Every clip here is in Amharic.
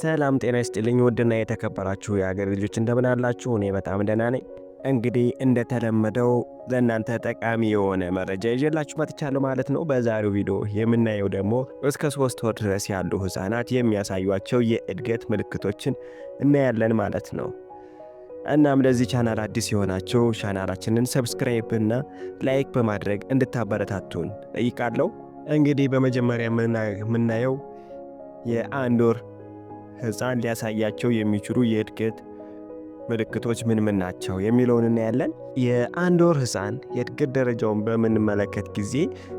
ሰላም ጤና ይስጥልኝ ውድና የተከበራችሁ የአገር ልጆች እንደምን አላችሁ? እኔ በጣም ደህና ነኝ። እንግዲህ እንደተለመደው ለእናንተ ጠቃሚ የሆነ መረጃ ይዤላችሁ መጥቻለሁ ማለት ነው። በዛሬው ቪዲዮ የምናየው ደግሞ እስከ ሶስት ወር ድረስ ያሉ ህፃናት የሚያሳዩቸው የእድገት ምልክቶችን እናያለን ማለት ነው። እናም ለዚህ ቻናል አዲስ የሆናችሁ ቻናላችንን ሰብስክራይብ እና ላይክ በማድረግ እንድታበረታቱን ጠይቃለሁ። እንግዲህ በመጀመሪያ የምናየው የአንድ ወር ህፃን ሊያሳያቸው የሚችሉ የእድገት ምልክቶች ምን ምን ናቸው የሚለውን እናያለን። የአንድ ወር ህፃን የእድገት ደረጃውን በምንመለከት ጊዜ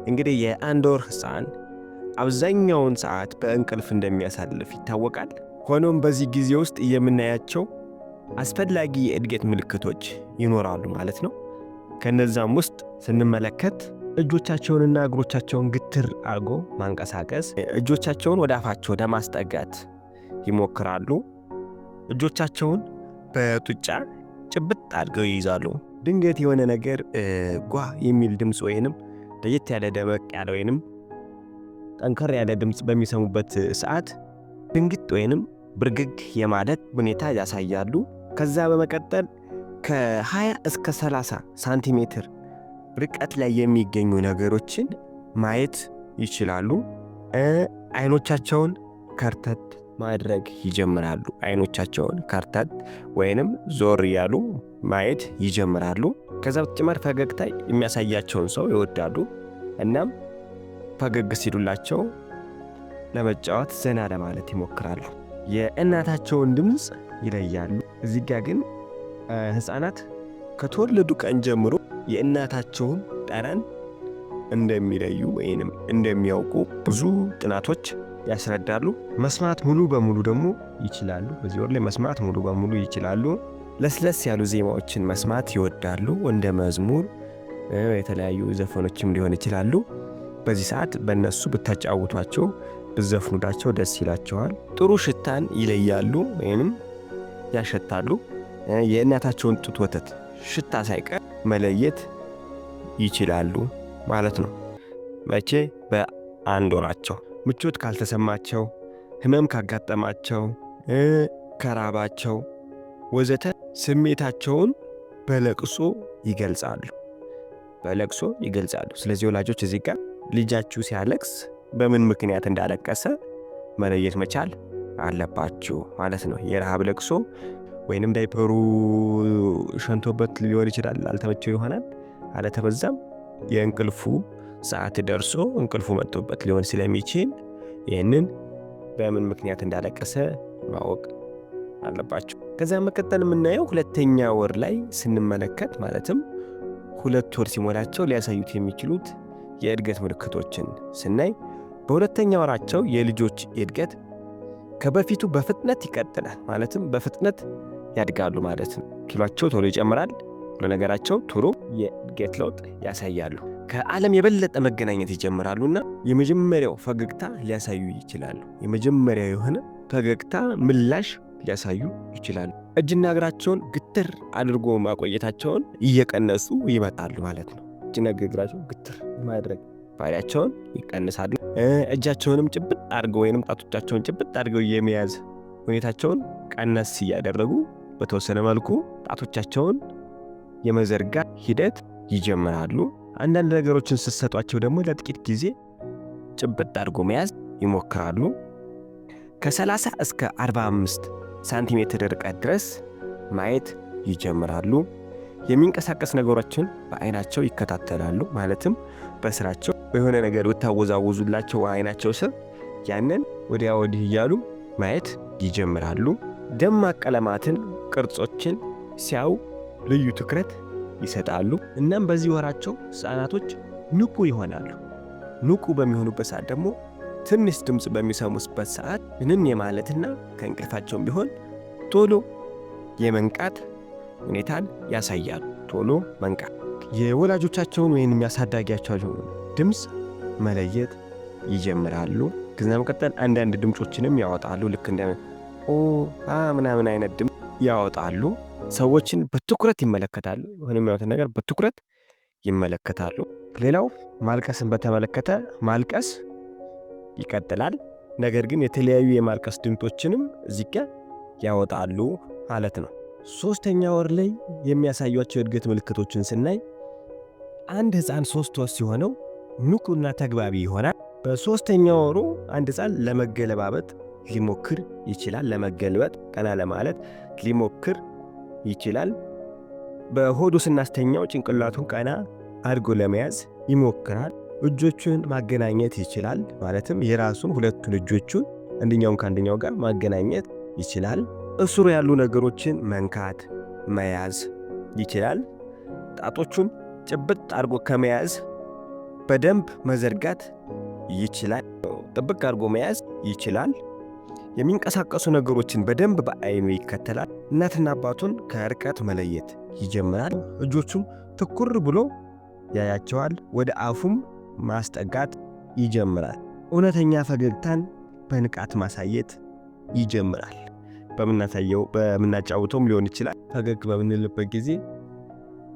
እንግዲህ የአንድ ወር ህፃን አብዛኛውን ሰዓት በእንቅልፍ እንደሚያሳልፍ ይታወቃል። ሆኖም በዚህ ጊዜ ውስጥ የምናያቸው አስፈላጊ የእድገት ምልክቶች ይኖራሉ ማለት ነው። ከነዛም ውስጥ ስንመለከት እጆቻቸውንና እግሮቻቸውን ግትር አርጎ ማንቀሳቀስ፣ እጆቻቸውን ወደ አፋቸው ለማስጠጋት ይሞክራሉ። እጆቻቸውን በጡጫ ጭብጥ አድርገው ይይዛሉ። ድንገት የሆነ ነገር ጓ የሚል ድምፅ ወይንም ለየት ያለ ደመቅ ያለ ወይንም ጠንከር ያለ ድምፅ በሚሰሙበት ሰዓት ድንግጥ ወይንም ብርግግ የማለት ሁኔታ ያሳያሉ። ከዛ በመቀጠል ከ20 እስከ 30 ሳንቲሜትር ርቀት ላይ የሚገኙ ነገሮችን ማየት ይችላሉ። አይኖቻቸውን ከርተት ማድረግ ይጀምራሉ። አይኖቻቸውን ካርታት ወይንም ዞር እያሉ ማየት ይጀምራሉ። ከዛ በተጨማሪ ፈገግታ የሚያሳያቸውን ሰው ይወዳሉ። እናም ፈገግ ሲሉላቸው ለመጫወት ዘና ለማለት ይሞክራሉ። የእናታቸውን ድምፅ ይለያሉ። እዚህ ጋ ግን ህፃናት ከተወለዱ ቀን ጀምሮ የእናታቸውን ጠረን እንደሚለዩ ወይንም እንደሚያውቁ ብዙ ጥናቶች ያስረዳሉ። መስማት ሙሉ በሙሉ ደግሞ ይችላሉ። በዚህ ወር ላይ መስማት ሙሉ በሙሉ ይችላሉ። ለስለስ ያሉ ዜማዎችን መስማት ይወዳሉ። እንደ መዝሙር፣ የተለያዩ ዘፈኖችም ሊሆን ይችላሉ። በዚህ ሰዓት በእነሱ ብታጫውቷቸው ብዘፍኑዳቸው ደስ ይላቸዋል። ጥሩ ሽታን ይለያሉ ወይንም ያሸታሉ። የእናታቸውን ጡት ወተት ሽታ ሳይቀር መለየት ይችላሉ። ማለት ነው። መቼ? በአንድ ወራቸው ምቾት ካልተሰማቸው፣ ህመም ካጋጠማቸው፣ ከራባቸው ወዘተ ስሜታቸውን በለቅሶ ይገልጻሉ በለቅሶ ይገልጻሉ። ስለዚህ ወላጆች እዚህ ጋር ልጃችሁ ሲያለቅስ በምን ምክንያት እንዳለቀሰ መለየት መቻል አለባችሁ ማለት ነው። የረሃብ ለቅሶ ወይንም ዳይፐሩ ሸንቶበት ሊሆን ይችላል፣ አልተመቸው ይሆናል። አለተበዛም የእንቅልፉ ሰዓት ደርሶ እንቅልፉ መጥቶበት ሊሆን ስለሚችል ይህንን በምን ምክንያት እንዳለቀሰ ማወቅ አለባቸው። ከዚያ መቀጠል የምናየው ሁለተኛ ወር ላይ ስንመለከት ማለትም ሁለት ወር ሲሞላቸው ሊያሳዩት የሚችሉት የእድገት ምልክቶችን ስናይ በሁለተኛ ወራቸው የልጆች እድገት ከበፊቱ በፍጥነት ይቀጥላል። ማለትም በፍጥነት ያድጋሉ ማለት ነው። ኪሏቸው ቶሎ ይጨምራል። በነገራቸው ቱሩ የእድገት ለውጥ ያሳያሉ። ከዓለም የበለጠ መገናኘት ይጀምራሉና የመጀመሪያው ፈገግታ ሊያሳዩ ይችላሉ። የመጀመሪያ የሆነ ፈገግታ ምላሽ ሊያሳዩ ይችላሉ። እጅና እግራቸውን ግትር አድርጎ ማቆየታቸውን እየቀነሱ ይመጣሉ ማለት ነው። እጅና እግራቸውን ግትር ማድረግ ባህሪያቸውን ይቀንሳሉ። እጃቸውንም ጭብጥ አድርገው ወይም ጣቶቻቸውን ጭብጥ አድርገው የመያዝ ሁኔታቸውን ቀነስ እያደረጉ በተወሰነ መልኩ ጣቶቻቸውን የመዘርጋ ሂደት ይጀምራሉ። አንዳንድ ነገሮችን ስትሰጧቸው ደግሞ ለጥቂት ጊዜ ጭብጥ አድርጎ መያዝ ይሞክራሉ። ከ30 እስከ 45 ሳንቲሜትር ርቀት ድረስ ማየት ይጀምራሉ። የሚንቀሳቀስ ነገሮችን በአይናቸው ይከታተላሉ። ማለትም በስራቸው በሆነ ነገር ብታወዛወዙላቸው አይናቸው ስር ያንን ወዲያ ወዲህ እያሉ ማየት ይጀምራሉ። ደማቅ ቀለማትን፣ ቅርጾችን ሲያዩ ልዩ ትኩረት ይሰጣሉ። እናም በዚህ ወራቸው ህፃናቶች ንቁ ይሆናሉ። ንቁ በሚሆኑበት ሰዓት ደግሞ ትንሽ ድምፅ በሚሰሙበት ሰዓት ምንም የማለትና ከእንቅልፋቸውም ቢሆን ቶሎ የመንቃት ሁኔታን ያሳያሉ። ቶሎ መንቃት የወላጆቻቸውን ወይንም ያሳዳጊያቸውን ድምፅ መለየት ይጀምራሉ። ከዛ መቀጠል አንዳንድ ድምፆችንም ያወጣሉ። ልክ እንደ ኦ ምናምን አይነት ድምፅ ያወጣሉ። ሰዎችን በትኩረት ይመለከታሉ። ሆነ የሚሆኑትን ነገር በትኩረት ይመለከታሉ። ሌላው ማልቀስን በተመለከተ ማልቀስ ይቀጥላል፣ ነገር ግን የተለያዩ የማልቀስ ድምጦችንም እዚህ ያወጣሉ ማለት ነው። ሶስተኛ ወር ላይ የሚያሳዩቸው የእድገት ምልክቶችን ስናይ አንድ ህፃን ሶስት ወር ሲሆነው ንቁና ተግባቢ ይሆናል። በሶስተኛ ወሩ አንድ ህፃን ለመገለባበጥ ሊሞክር ይችላል። ለመገልበጥ ቀና ለማለት ሊሞክር ይችላል። በሆዱ ስናስተኛው ጭንቅላቱን ቀና አድጎ ለመያዝ ይሞክራል። እጆቹን ማገናኘት ይችላል። ማለትም የራሱን ሁለቱን እጆቹን አንደኛውን ከአንደኛው ጋር ማገናኘት ይችላል። እስሩ ያሉ ነገሮችን መንካት መያዝ ይችላል። ጣቶቹን ጭብጥ አድርጎ ከመያዝ በደንብ መዘርጋት ይችላል። ጥብቅ አድርጎ መያዝ ይችላል። የሚንቀሳቀሱ ነገሮችን በደንብ በአይኑ ይከተላል። እናትና አባቱን ከርቀት መለየት ይጀምራል። እጆቹም ትኩር ብሎ ያያቸዋል። ወደ አፉም ማስጠጋት ይጀምራል። እውነተኛ ፈገግታን በንቃት ማሳየት ይጀምራል። በምናሳየው በምናጫውተውም ሊሆን ይችላል። ፈገግ በምንልበት ጊዜ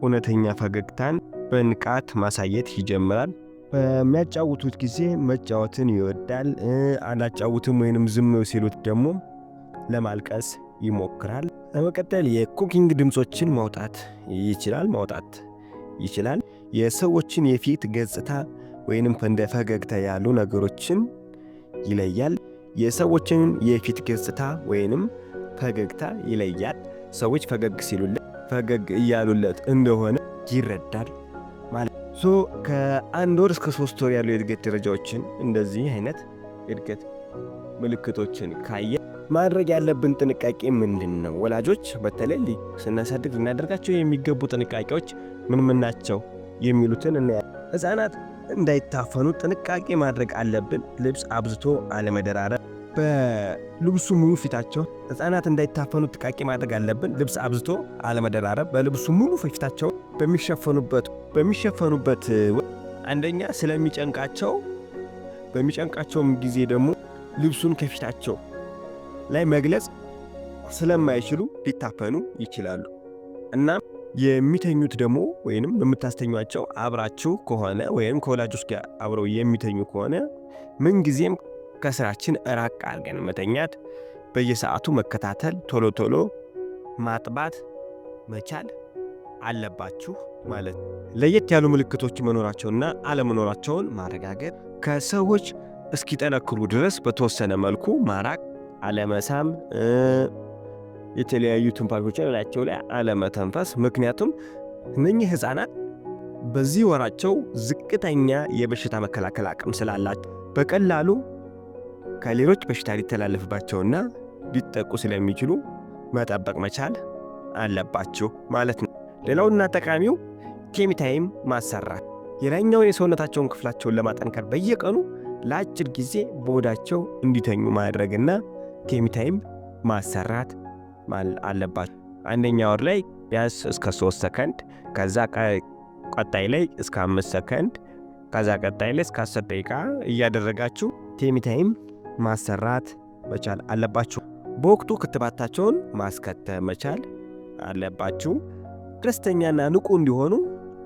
እውነተኛ ፈገግታን በንቃት ማሳየት ይጀምራል። በሚያጫውቱት ጊዜ መጫወትን ይወዳል። አላጫውትም ወይንም ዝም ሲሉት ደግሞ ለማልቀስ ይሞክራል። በመቀጠል የኩኪንግ ድምፆችን ማውጣት ይችላል ማውጣት ይችላል። የሰዎችን የፊት ገጽታ ወይንም እንደ ፈገግታ ያሉ ነገሮችን ይለያል። የሰዎችን የፊት ገጽታ ወይንም ፈገግታ ይለያል። ሰዎች ፈገግ ሲሉለት ፈገግ እያሉለት እንደሆነ ይረዳል ማለት ሶ ከአንድ ወር እስከ ሶስት ወር ያሉ የእድገት ደረጃዎችን እንደዚህ አይነት እድገት ምልክቶችን ካየ ማድረግ ያለብን ጥንቃቄ ምንድን ነው? ወላጆች በተለይ ስናሳድግ ልናደርጋቸው የሚገቡ ጥንቃቄዎች ምን ምን ናቸው የሚሉትን እናያ ህፃናት እንዳይታፈኑ ጥንቃቄ ማድረግ አለብን። ልብስ አብዝቶ አለመደራረብ በልብሱ ሙሉ ፊታቸው ህፃናት እንዳይታፈኑ ጥንቃቄ ማድረግ አለብን። ልብስ አብዝቶ አለመደራረብ በልብሱ ሙሉ ፊታቸው በሚሸፈኑበት በሚሸፈኑበት አንደኛ ስለሚጨንቃቸው በሚጨንቃቸውም ጊዜ ደግሞ ልብሱን ከፊታቸው ላይ መግለጽ ስለማይችሉ ሊታፈኑ ይችላሉ። እናም የሚተኙት ደግሞ ወይንም የምታስተኟቸው አብራችሁ ከሆነ ወይም ከወላጆች ጋር አብረው የሚተኙ ከሆነ ምንጊዜም ከስራችን ራቅ አድርገን መተኛት፣ በየሰዓቱ መከታተል፣ ቶሎ ቶሎ ማጥባት መቻል አለባችሁ ማለት ነው። ለየት ያሉ ምልክቶች መኖራቸውና አለመኖራቸውን ማረጋገጥ፣ ከሰዎች እስኪጠነክሩ ድረስ በተወሰነ መልኩ ማራቅ አለመሳም፣ የተለያዩ ትንፋሾች ላያቸው ላይ አለመተንፈስ። ምክንያቱም እነኚህ ህፃናት በዚህ ወራቸው ዝቅተኛ የበሽታ መከላከል አቅም ስላላቸው በቀላሉ ከሌሎች በሽታ ሊተላለፍባቸውና ሊጠቁ ስለሚችሉ መጠበቅ መቻል አለባችሁ ማለት ነው። ሌላውና ጠቃሚው ቴሚታይም ማሰራት የላይኛውን የሰውነታቸውን ክፍላቸውን ለማጠንከር በየቀኑ ለአጭር ጊዜ በሆዳቸው እንዲተኙ ማድረግና ታይም ማሰራት አለባቸው። አንደኛ ወር ላይ ቢያንስ እስከ ሶስት ሰከንድ ከዛ ቀጣይ ላይ እስከ አምስት ሰከንድ ከዛ ቀጣይ ላይ እስከ አስር ደቂቃ እያደረጋችሁ ታይም ማሰራት መቻል አለባችሁ። በወቅቱ ክትባታቸውን ማስከተ መቻል አለባችሁ። ደስተኛና ንቁ እንዲሆኑ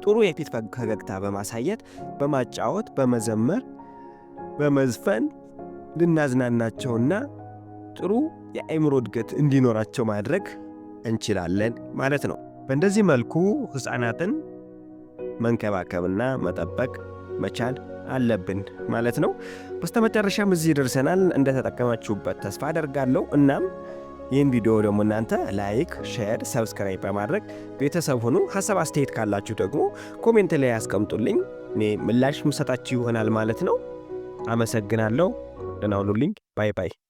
ጥሩ የፊት ፈገግታ በማሳየት በማጫወት፣ በመዘመር፣ በመዝፈን ልናዝናናቸውና ጥሩ የአእምሮ እድገት እንዲኖራቸው ማድረግ እንችላለን ማለት ነው። በእንደዚህ መልኩ ሕፃናትን መንከባከብና መጠበቅ መቻል አለብን ማለት ነው። በስተመጨረሻም እዚህ ደርሰናል። እንደተጠቀማችሁበት ተስፋ አደርጋለሁ። እናም ይህን ቪዲዮ ደግሞ እናንተ ላይክ፣ ሼር፣ ሰብስክራይብ በማድረግ ቤተሰብ ሁኑ። ሀሳብ አስተያየት ካላችሁ ደግሞ ኮሜንት ላይ ያስቀምጡልኝ። እኔ ምላሽ ምሰጣችሁ ይሆናል ማለት ነው። አመሰግናለሁ። ደህና ሁኑልኝ። ባይ ባይ።